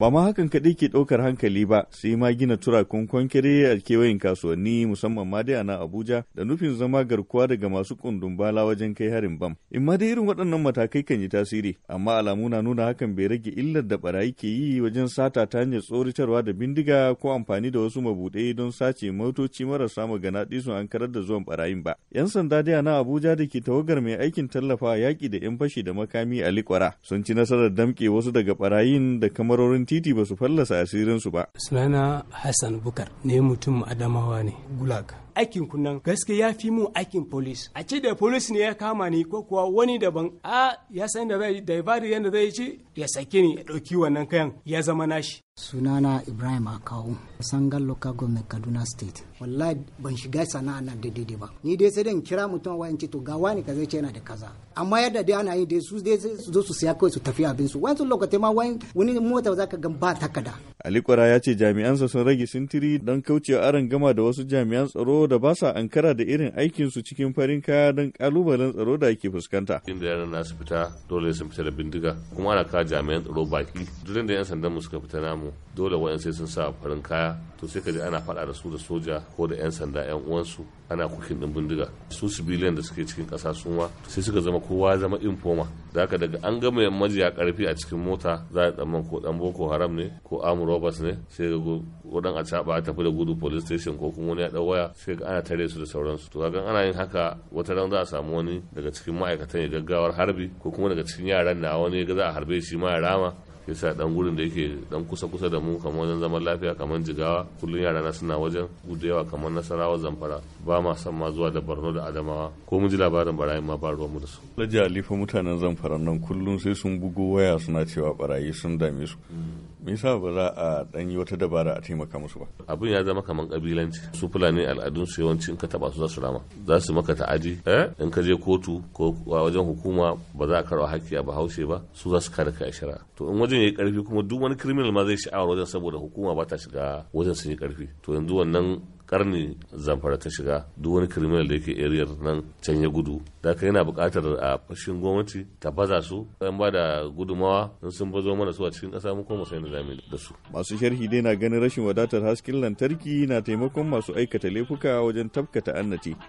ba ma hakan kaɗai ke ɗaukar hankali ba sai ma gina turakun kwankire a kewayen kasuwanni musamman ma dai a nan abuja da nufin zama garkuwa daga masu kundun bala wajen kai harin bam in ma dai irin waɗannan matakai kan yi tasiri amma alamu na nuna hakan bai rage illar da barayi ke yi wajen sata ta hanyar tsoritarwa da bindiga ko amfani da wasu mabuɗe don sace motoci marasa magana su an karar da zuwan barayin ba yan sanda dai a nan abuja da ke tawagar mai aikin tallafa yaƙi da yan fashi da makami a likwara sun ci nasarar damƙe wasu daga barayin da kamarorin titi ba su fallasa asirinsu ba. Sunana Hassan Bukar ne mutum Adamawa ne. Gulag. aikin kunnan gaske ya fi mun aikin polis a ce da polis ne ya kama ni ko kuwa wani daban a ya san da zai daibari yadda zai ci ya sake ni ya ɗauki wannan kayan ya zama nashi sunana ibrahim akawu sangal local government kaduna state wallahi ban shiga sana'a nan da daidai ba ni dai sai dan kira mutum wayan ce to ga wani kaza ce yana da kaza amma yadda dai ana yi dai su dai su zo su siya kawai su tafi abin su wani lokaci ma wani mota za ka gan ba takada. Ali Kwara ya ce jami'ansa sun rage sintiri don kaucewa aron gama da wasu jami'an tsaro da ba sa ankara da irin aikin su cikin farin kaya don kalubalen tsaro da ake fuskanta. Inda yaran na su fita dole sun fita da bindiga kuma ana kawo jami'an tsaro baki. Duk da 'yan sandan mu suka fita namu dole wayan sai sun sa farin kaya to sai ka ji ana faɗa da su da soja ko da 'yan sanda 'yan uwansu ana kukin ɗin bindiga. Su biliyan da suke cikin su suma sai suka zama kowa zama infoma. Zaka daga an gama majiya karfi a cikin mota za a tsamman ko ɗan boko boko haram ne ko amu robbers ne sai ga wadan a caba a tafi da gudu police station ko kuma wani ya dau waya sai ga ana tare su da sauransu to kaga ana yin haka wata ran za a samu wani daga cikin ma'aikatan ya gaggawar harbi ko kuma daga cikin yaran na wani ga za a harbe shi ma ya rama yasa dan gurin da yake dan kusa kusa da mu kamar wajen zaman lafiya kamar jigawa kullun yara na suna wajen gudu yawa kamar nasarawa zamfara ba ma san ma zuwa da borno da adamawa ko mun ji labarin barayi ma ba ruwan mu da su laji alifa mutanen zamfara nan kullun sai sun bugo waya suna cewa barayi sun dame su mm. me yasa ba za a dan yi wata dabara a taimaka musu ba abin ya zama kamar kabilanci su fulani al'adun su yawanci in ka taba su za su rama za su maka ta'aji eh in ka je kotu ko wajen hukuma ba za a karwa haƙƙi a bahaushe ba su za su kare ka shari'a to in wajen yayi karfi kuma duk wani criminal ma zai sha'awar wajen saboda hukuma ba ta shiga wajen su yi karfi to yanzu wannan karni zamfara ta shiga duk wani kriminal da yake ariyar nan can ya gudu da ka yana buƙatar a fashin gwamnati ta baza su ɗan ba da gudumawa don sun bazo mana su a cikin ƙasa mu kuma sai na da su. masu sharhi dai na ganin rashin wadatar hasken lantarki na taimakon masu aikata laifuka wajen tabkata annati